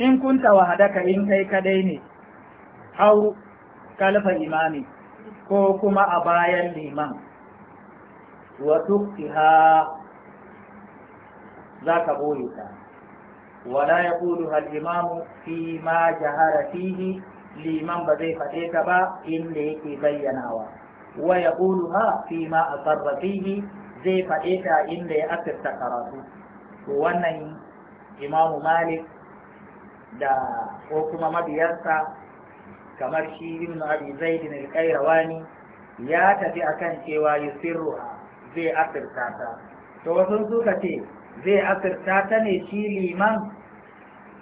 in kunta wahadaka in kai kadai ne hau kalfa imami ko kuma a bayan liman wa tuktiha za ka ɓoye ta wala ya ƙudu halimamu fi ma jahara fihi liman ba zai faɗe ta ba inda yake bayyanawa wa ya ha fi ma a fihi zai faɗe ta inda ya asirta karatu to wannan imamu malik da ko kuma mabiyarsa kamar shi ibn abi zaid al-qayrawani ya tafi akan cewa yusirruha zai asirta ta to wasu suka ce zai asirta ta ne shi liman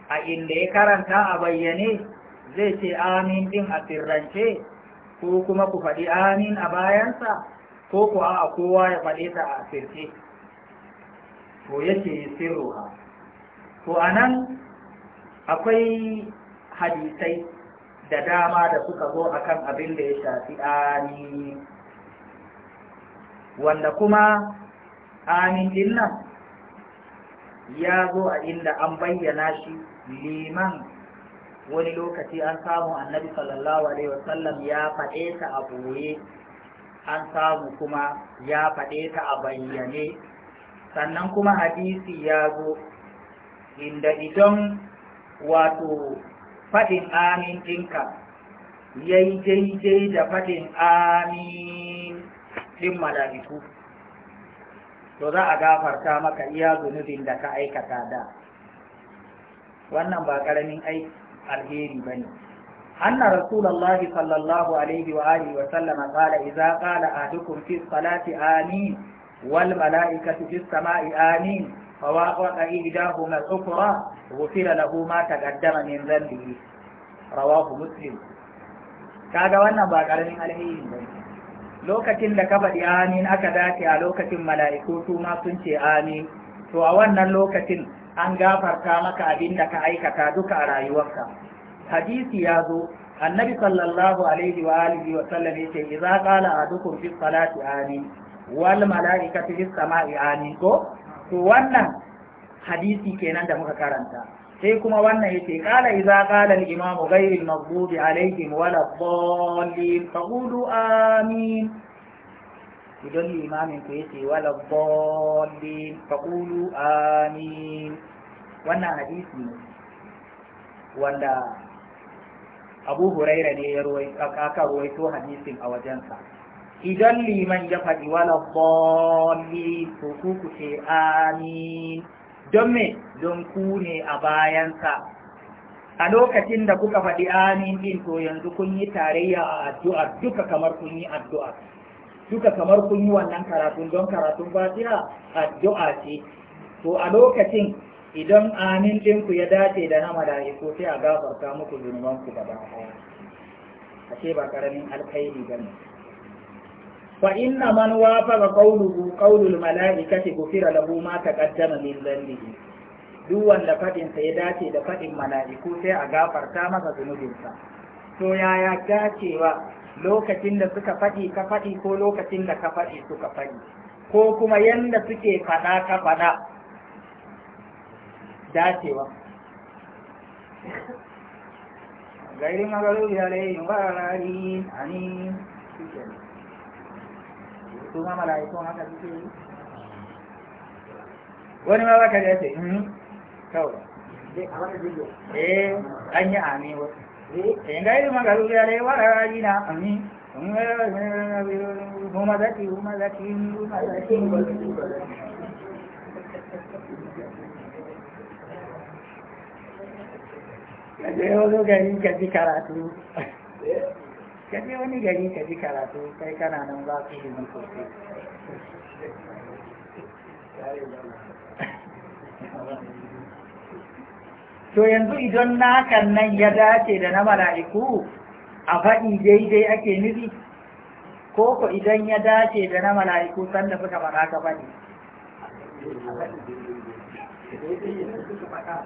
a inda ya karanta a bayyane zai ce amin din a sirrance ko kuma ku faɗi amin a bayansa ko ku a kowa ya faɗe ta a sirce to yake Ko to nan, akwai hadisai da dama da suka zo akan abin da ya shafi amin wanda kuma amin din ya zo a inda an bayyana shi liman wani lokaci an samu annabi sallallahu alaihi wasallam ya faɗe ta a ɓoye an samu kuma ya faɗe ta a bayyane sannan kuma hadisi ya zo inda idan wato faɗin amin ɗinka ya yi daidai da faɗin amin ɗin malaritu to za a gafarta maka iya zunubin da ka aikata da wannan ba ƙaramin alheri ba ne anna rasulallah sallallahu alaihi wa alihi wa sallama qala idza qala ahdukum fi salati amin wal malaikatu fi samai amin fa waqa ihdahu ma sukra ghufira lahu ma taqaddama min dhanbihi rawahu muslim kaga wannan ba karamin alheri ba ne lokacin da ka faɗi amin aka dace a lokacin mala'iku su ma sun ce amin to a wannan lokacin an gafarta maka abin da ka aikata duka a rayuwarka hadisi ya zo annabi sallallahu alaihi wa alihi wa sallam yace idza qala adukum fi salati amin wal mala'ikatu fi sama'i amin ko to wannan hadisi kenan da muka karanta sai kuma wannan yake kala iza kala al imam ghayr al maghdubi wa wala dhallin faqulu amin idan limamin ku yace wala dhallin faqulu amin wannan hadisi wanda Abu Huraira ne ya aka to hadisin a wajensa idan liman ya faɗi wala dhallin to ku ce amin don me don ku ne a bayansa a lokacin da kuka faɗi amin din to yanzu kun yi tarayya a addu'a duka kamar kun yi addu'a duka kamar kun yi wannan karatun don karatun fatiha addu'a ce to a lokacin idan amin din ku ya dace da na mala'iku sai a gafarta muku zunuban ku gaba ɗaya ashe ba karamin alkhairi bane fa inna man wafaqa qawluhu qawlul mala'ikati ghufira lahu ma taqaddama min dhanbihi duk wanda fadin sa ya dace da fadin mala'iku sai a gafarta masa zunubinsa to yaya dacewa lokacin da suka faɗi ka faɗi ko lokacin da ka faɗi suka faɗi ko kuma yanda suke faɗa ka faɗa dacewa غير مغلوب عليهم ولا الضالين آمين su ma mala'ikun haka suke yi wani ma baka ya ce in kawai eh an yi ami wasu in eh? eh, ga irin magaru ya lai wa rari na ami mm-hmm. kuma mm-hmm. zaki kuma zaki kuma zaki [laughs] Kaje wasu gari ka ji karatu. Eh? ka je wani gari ka ji karatu kai kana nan za su yi sosai [laughs] to yanzu idan nakan nan ya dace da na mala'iku a faɗi daidai ake nufi ko ko idan ya dace da na mala'iku sanda suka faɗa ka faɗi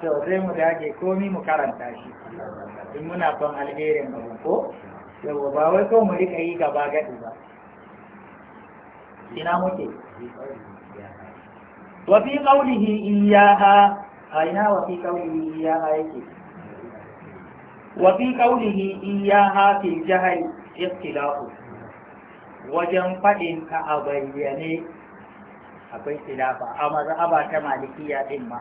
to sai mu dage komi mu karanta shi in muna son alherin mu ko yabo ba wai kawai mu rika yi gaba gadi ba ina muke wa fi qawlihi iyyaha aina wa fi qawlihi iyyaha yake wa fi qawlihi iyyaha fi jahl ikhtilafu wajen faɗin ka a bayyane akwai khilafa a mazhaba ta malikiya din ma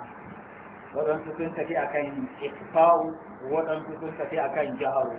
waɗansu sun tafi akan ikfa'u waɗansu sun tafi akan jaharu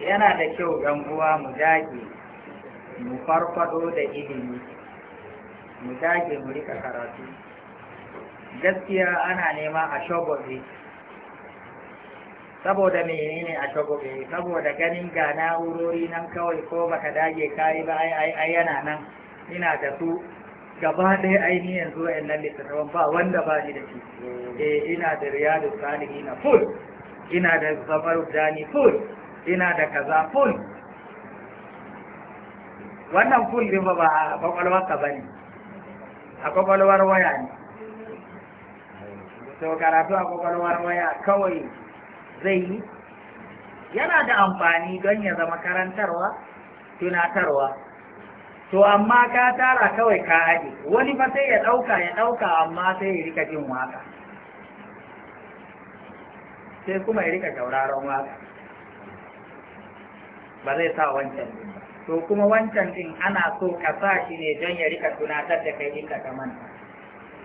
yana da kyau ɗan uwa mu dage mu farfado da ilimi mu dage mu rika karatu gaskiya ana nema a shagobe saboda menene a shagobe saboda ganin ga na'urori nan kawai ko baka dage kayi ba ai ai yana nan ina da su gaba ɗaya ainihin yanzu wa'annan littattafan ba wanda ba ni da shi eh ina da riyadu salihi na full ina da zamar dani full ina da kaza full wannan full din ba ba a kwakwalwar ka ne. a kwakwalwar waya ne to karatu a kwakwalwar waya kawai zai yi yana da amfani don ya zama karantarwa tunatarwa to amma ka tara kawai ka haɗe wani fa sai ya ɗauka ya ɗauka amma sai ya rika jin waka sai kuma ya rika tauraron waka ba zai sa wancan ɗin ba to kuma wancan ɗin ana so ka sa shi ne don ya rika tunatar da kai inda ka manta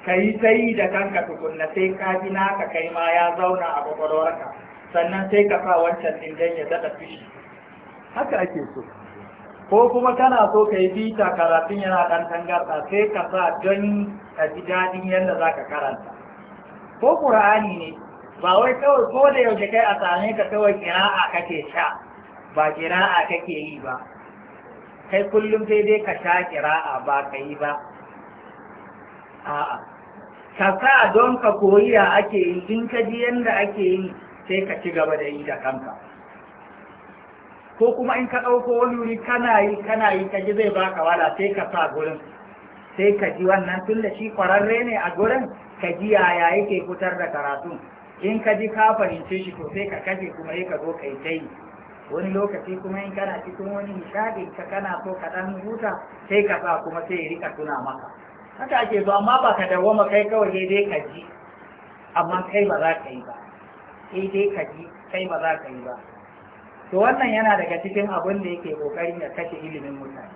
ka yi sai da kanka tukunna sai ka ji naka kai ma ya zauna a kwakwalwarka sannan sai ka sa wancan ɗin don ya daɗa fushi haka ake so ko kuma kana so ka yi bita karatun yana ɗan tangarɗa sai ka sa don ka ji daɗin yadda za ka karanta ko ƙura'ani ne ba wai kawai ko da yaushe kai a same ka kawai kira'a kake sha ba kira'a kake yi ba kai kullum sai dai ka sha kira'a ba ka yi ba a'a ka sa don ka koyi ya ake yi in ka ji yadda ake yi sai ka ci gaba da yi da kanka ko kuma in ka ɗauko wani wuri kana yi kana yi ka ji zai baka wala sai ka sa gurin sai ka ji wannan tun da shi kwararre ne a gurin ka ji yaya yake fitar da karatu in ka ji ka fahimce shi to sai ka kashe kuma sai ka zo kai ta yi wani lokaci kuma in kana cikin wani nishaɗi ka kana so ka ɗan huta sai ka sa kuma sai ya rika tuna maka haka ake so amma ba ka dawoma kai kawai dai ka ji amma kai ba za ka yi ba sai dai ka ji kai ba za ka yi ba to wannan yana daga cikin abin da yake kokarin ya kashe ilimin mutane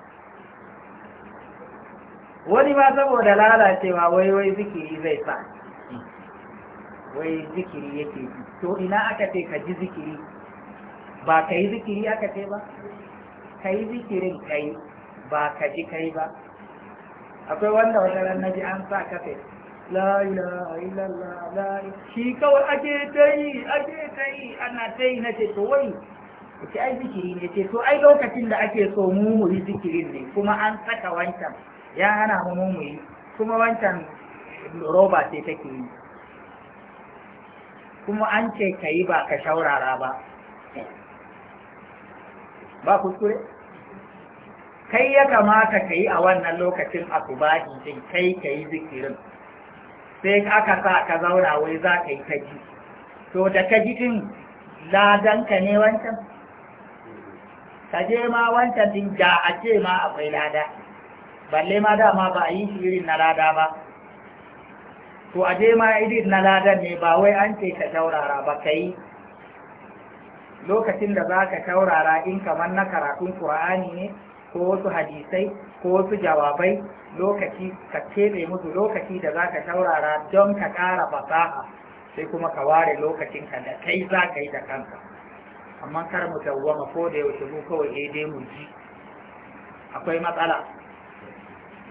wani ma saboda lalacewa wai wai zikiri zai sa wai zikiri yake ji to ina aka ce ka ji zikiri ba ka yi zikiri aka ce ba ka yi zikirin ka yi ba ka ji ka yi ba akwai wanda wata ran naji an sa kafe la ilaha illallah la shi kawai ake ta yi ake ta yi ana ta yi na ce to wai ce ai zikiri ne ce to ai lokacin da ake so mu mu yi zikirin ne kuma an saka wancan ya hana mu mu yi kuma wancan roba ce take yi kuma an ce ka yi ba ka shaurara ba ba kuskure kai ya kamata ka yi a wannan lokacin asubahi din kai ka yi zikirin sai aka sa ka zauna wai za ka yi ta ji to da ka ji din ladanka ne wancan ka je ma wancan din da a ce ma akwai lada balle ma dama ba a yi shi irin na lada ba to a je ma irin na lada ne ba wai an ce ka taurara ba ka yi lokacin da za ka taurara in kamar na karatun ƙur'ani ne ko wasu hadisai ko wasu jawabai lokaci ka keɓe musu lokaci da za ka taurara don ka ƙara fasaha sai kuma ka ware lokacinka da kai za ka yi da kanka amma kar mu tawwama ko da yaushe mu kawai eh dai mu ji akwai matsala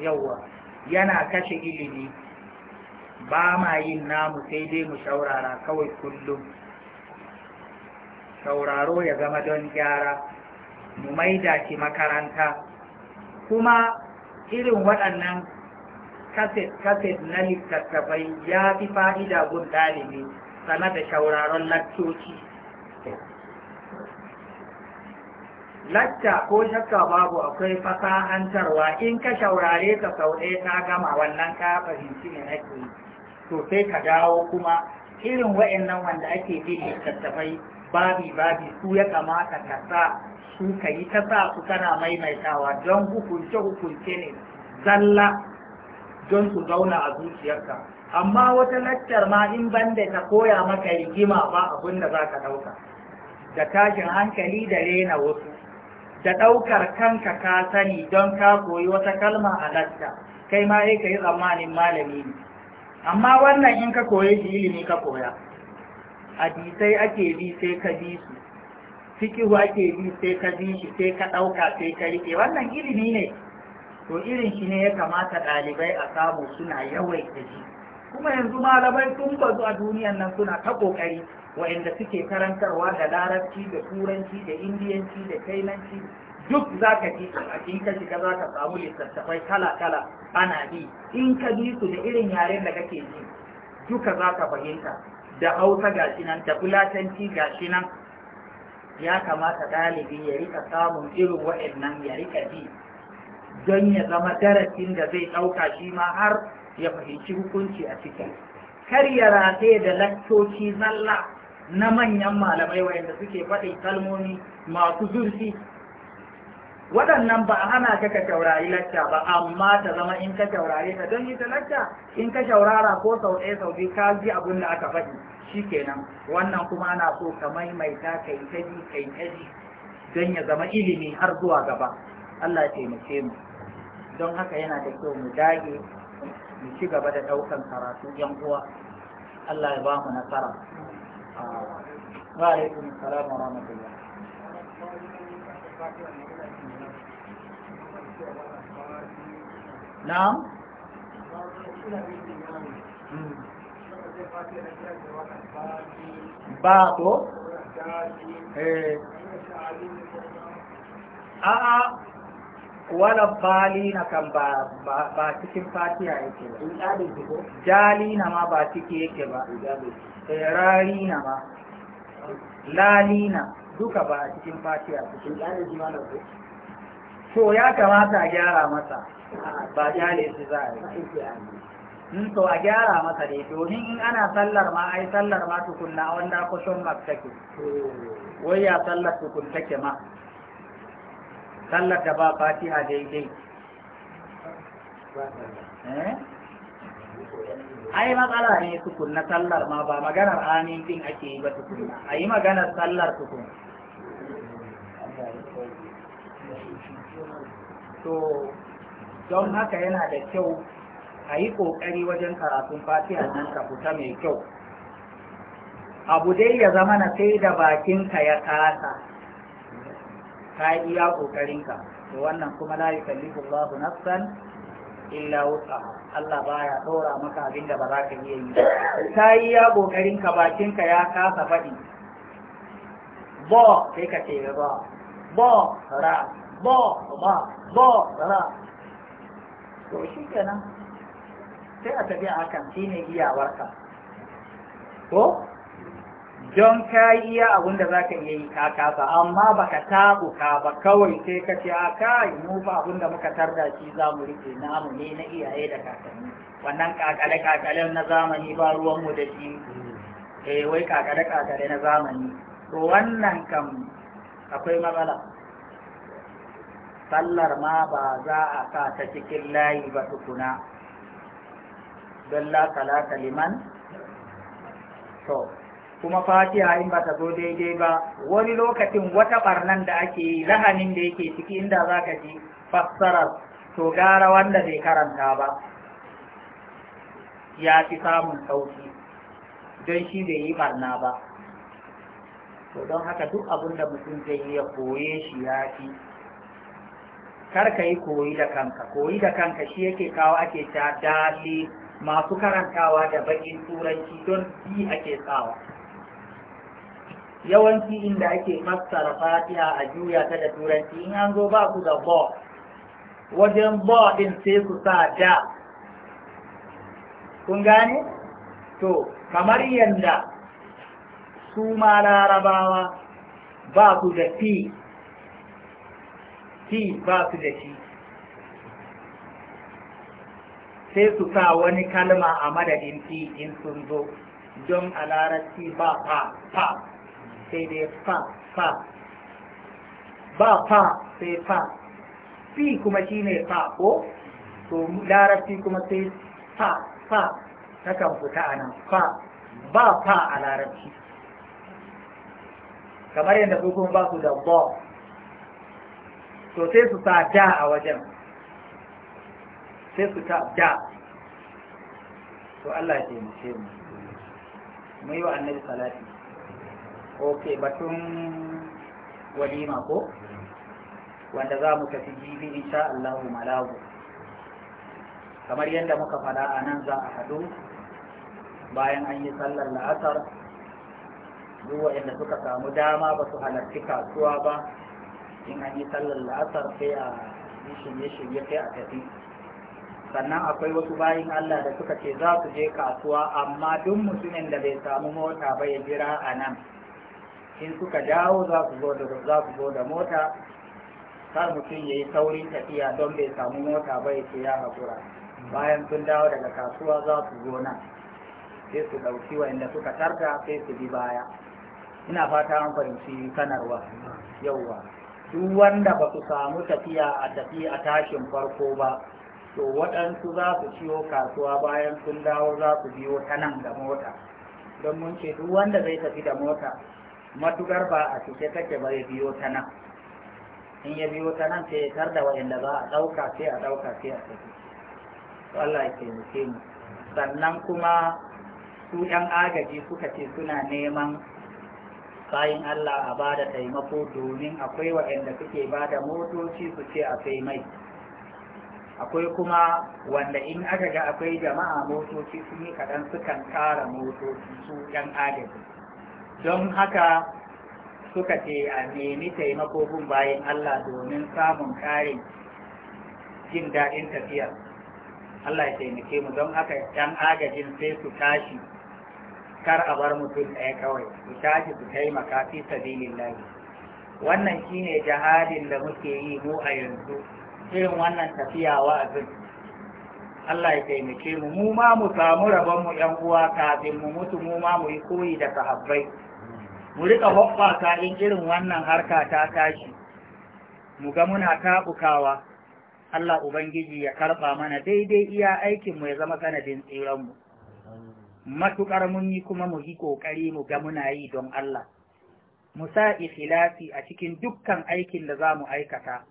yawwa yana kashe ilimi ba ma yin namu sai dai mu shaurara kawai kullum sauraro ya zama don gyara mu maida shi makaranta kuma irin waɗannan kaset na littattafai ya fi fa'ida gun ɗalibi sana da shauraron lakcoci lacca ko shakka babu akwai fasahantarwa in ka shaurare ka sau ɗaya ka gama wannan ka fahimci ne nake yi to sai ka dawo kuma irin wa'annan wanda ake bi tattafai, babi babi su ya kamata ka sa su ka yi ta sa su kana maimaitawa don hukunce hukunce ne zalla don su zauna a zuciyarka amma wata laccar ma in banda ta koya maka rigima ba abin da za ka ɗauka da tashin hankali da rena wasu da ɗaukar kanka ka sani don ka koyi wata kalma a latta kai ma yake yi tsammanin malami ne amma wannan in ka koye shi ilimi ka koya hadisai ake bi sai ka bi su fikihu ake bi sai ka bi shi sai ka ɗauka sai ka rike wannan ilimi ne to irin shi ne ya kamata ɗalibai a samu suna yawaita shi kuma yanzu malamai sun bazu a duniyan nan suna ta ƙoƙari wa'inda suke karantarwa da larabci da turanci da indiyanci da kainanci duk za ka ji a cikin ka shiga za ka samu littattafai kala-kala ana bi in ka bi su da irin yaren da kake ji duka za ka fahimta da hausa shi nan da fulatanci shi nan ya kamata ɗalibi ya rika samun irin nan ya rika ji don ya zama darasin da zai ɗauka shi ma har ya fahimci hukunci a cikin. kar ya rataye da lakcoci zalla na manyan malamai wayanda suke faɗi kalmomi masu zurfi waɗannan ba a hana ka ka shaurari lacca ba amma ta zama in ka shaurare ta don ita lacca in ka shaurara ko sau ɗaya sau ka ji abin da aka faɗi shi kenan wannan kuma ana so ka maimaita kai ta ji kai ta ji don ya zama ilimi har zuwa gaba Allah ya taimake mu don haka yana da kyau mu dage mu ci gaba da ɗaukan karatu yan uwa Allah ya ba mu nasara wa hmm. ba ko eh. a'a wala bali na kan ba ba cikin fatiha yake ba jali ma ba ciki rarina ma lalina duka ba a cikin a cikin to ya kamata a gyara masa ba gyale su za a yi hmm, to a gyara masa dai domin in ana sallar ma ai sallar ma tukunna wanda kusan take oh. wai ya sallar tukun take ma sallar da ba fatiha daidai eh ai matsala ne tukun na sallar ma ba maganar amin din ake yi ba tukun a yi maganar sallar tukun to don haka yana da kyau a yi ƙoƙari wajen karatun fatiha nan ka fita mai kyau abu dai ya zama na sai da bakinka ya kasa ka yi iya ƙoƙarinka to wannan kuma la yukallifu Allahu nafsan illa wusa Allah baya ɗora maka abin da ba za ka iya yi ta yi ya ƙoƙarin ka bakinka ya kasa faɗi bo sai ka ce ba bo ra bo ba bo ra to shi kenan sai a tafi a hakan shine iyawarka ko don ka yi iya abin da za ka iya yi ka kasa amma ba ka taɓuka ba kawai sai ka ce a kai mu fa abin da muka tarda shi za mu rike namu ne na iyaye da kakanni wannan kakale kakale na zamani ba ruwanmu da shi eh wai kakale kakale na zamani to wannan kam akwai matsala sallar ma ba za a sa ta cikin layi ba tukuna don la salata liman to kuma fatiha in ba ta zo daidai ba wani lokacin wata barnan da ake yi lahanin da yake ciki inda za ka ji fassarar to gara wanda bai karanta ba ya fi samun sauki don shi bai yi barna ba to don haka duk abin da mutum zai yi ya koye shi ya fi kar ka yi koyi da kanka koyi da kanka shi yake kawo ake ta dali masu karantawa da bakin turanci don bi ake tsawa yawanci inda ake fassara fatiha a juya ta da turanci in an zo ba ku da ba wajen ba din sai ku sa da kun gane to kamar yadda su ma larabawa ba ku da fi fi ba su da shi sai su sa wani kalma a madadin fi in sun zo don a larabci ba fa fa sai dai fa fa ba fa sai fa fi kuma shi ne fa ko to larabci kuma sai fa fa takan kan fita a nan fa ba fa a larabci kamar yadda ku kuma ba su da ba to sai su sa da a wajen sai su ta da to Allah ya taimake mu mu yi wa annabi salati ok batun walima ko wanda za mu tafi jibi insha Allahu malawu kamar yadda muka fada a nan za a haɗu bayan an yi sallar la'asar duk waɗanda suka samu dama ba su halarci kasuwa ba in an yi sallar la'asar sai a yi shirye-shirye sai a tafi sannan akwai wasu bayin Allah da suka ce za su je kasuwa amma duk mutumin da bai samu mota ba ya jira a nan in suka dawo za su zo da za su zo da mota har mutum ya yi saurin tafiya don bai samu mota ba ya ce ya haƙura bayan sun dawo daga kasuwa za su zo nan sai su ɗauki inda suka tarka sai su bi baya ina fata an fahimci sanarwa yauwa duk wanda ba su samu tafiya a tafi a tashin farko ba to waɗansu za su ciwo kasuwa bayan sun dawo za su biyo ta nan da mota don mun ce duk wanda zai tafi da mota matukar ba a cike kake ba ya biyo ta nan in ya biyo ta nan sai ya tarda wa'inda ba a ɗauka sai a ɗauka sai a tafi Allah ya taimake mu sannan kuma su yan agaji suka ce suna neman bayan Allah a ba da taimako domin akwai waɗanda suke ba da motoci su ce a kai mai akwai kuma wanda in aka ga akwai jama'a motoci sun yi kaɗan sukan ƙara motoci su ɗan agaji don haka suka ce a nemi taimako gun bayan Allah domin samun ƙarin jin daɗin tafiya? Allah ya taimake mu don haka ɗan agajin sai su tashi kar a bar mutum ɗaya kawai su tashi su taimaka fi sabilin sabilillahi wannan shine jihadin da muke yi mu a yanzu irin wannan tafiya wa'azin Allah ya taimake mu mu ma mu samu rabon mu ƴan uwa kafin mu mutu mu ma mu yi koyi da sahabbai mu rika hoɓɓasa in irin wannan harka ta tashi mu ga muna taɓukawa Allah Ubangiji ya karɓa mana daidai iya aikinmu ya zama sanadin tsiranmu matuƙar mun yi kuma mu yi ƙoƙari mu ga muna yi don Allah mu sa ikhlasi a cikin dukkan aikin da za mu aikata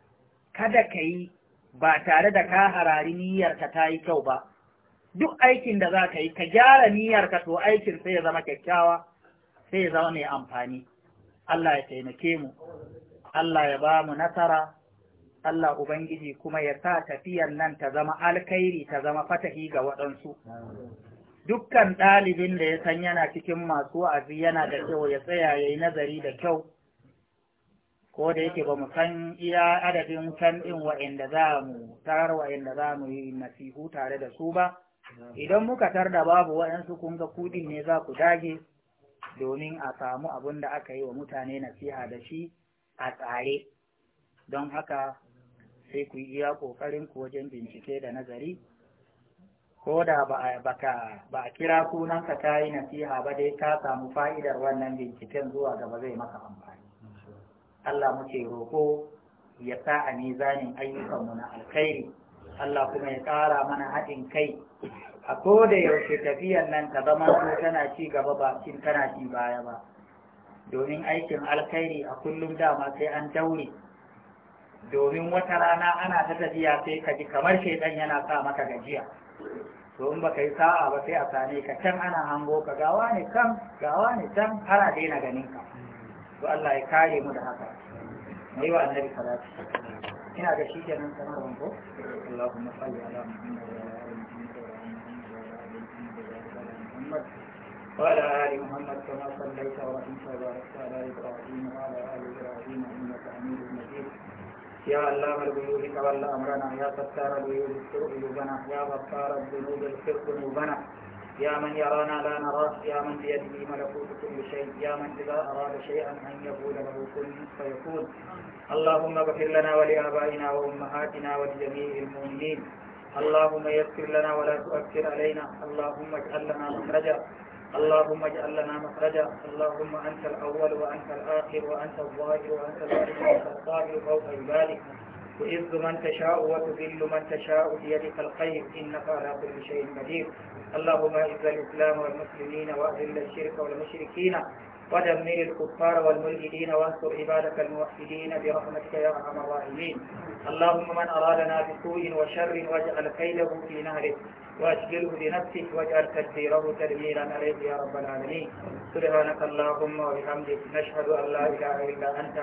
kada ka yi ba tare da ka harari niyyarka ta yi kyau ba duk aikin da za ka yi ka gyara niyyarka to aikin sai ya zama kyakkyawa sai zama mai amfani Allah ya taimake mu Allah ya ba mu nasara Allah Ubangiji kuma ya sa tafiyar nan ta zama alkairi ta zama fatahi ga waɗansu dukkan ɗalibin da ya san yana cikin masu wa'azi yana da kyau ya tsaya ya yi nazari da kyau ko da yake ba mu san iya adadin can ɗin wa'inda za mu tarar wa'inda za mu yi nasihu tare da su ba idan muka tar da babu waɗansu kun ga kuɗi ne za ku dage domin a samu abin da aka yi wa mutane nasiha da shi a tsare don haka sai ku yi iya ƙoƙarin ku wajen bincike da nazari ko da ba a kira sunanka ka yi nasiha ba dai ka samu fa'idar wannan binciken zuwa gaba zai maka amfani Allah muke roƙo ya sa a mizanin ayyukanmu na alkhairi Allah kuma ya ƙara mana haɗin kai a ko da yaushe tafiyan nan ta zama ko tana ci gaba ba cin tana ci baya ba domin aikin alkhairi a kullum dama sai an daure domin wata rana ana ta tafiya sai ka ji kamar shaidan yana sa maka gajiya to in baka yi sa'a ba sai a same ka can ana hango ka gawa ne can gawa ne can har a daina ganin ka to Allah ya kare mu da haka mai wa annabi salatu ina da shi kenan kamar wanko Allahumma salli ala Muhammad محمد وعلى آل محمد كما صليت ورحمت وباركت على إبراهيم وعلى آل إبراهيم إنك حميد مجيد يا علام الغيوب تولى أمرنا يا ستار الغيوب استر غيوبنا يا غفار الذنوب اغفر ذنوبنا يا من يرانا لا نراه يا من بيده ملكوت كل شيء يا من إذا أراد شيئا أن يقول له كن فيكون اللهم اغفر لنا ولآبائنا وأمهاتنا ولجميع المؤمنين اللهم يسر لنا ولا تؤثر علينا اللهم اجعل لنا مخرجا اللهم اجعل لنا مخرجا اللهم أنت الأول وأنت الآخر وأنت الظاهر وأنت الباطن وأنت الصابر فوق عبادك تعز من تشاء وتذل من تشاء بيدك الخير انك على كل شيء قدير اللهم اعز الاسلام والمسلمين واذل الشرك والمشركين ودمر الكفار والملحدين وانصر عبادك الموحدين برحمتك يا ارحم الراحمين اللهم من ارادنا بسوء وشر واجعل كيده في نهره واشغله لنفسك واجعل تدبيره تدميرا عليه يا رب العالمين سبحانك اللهم وبحمدك نشهد ان لا اله الا انت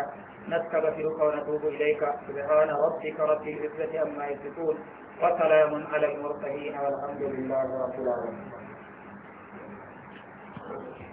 نستغفرك ونتوب اليك سبحان ربك رب العزه عما يصفون وسلام على المرسلين والحمد لله رب العالمين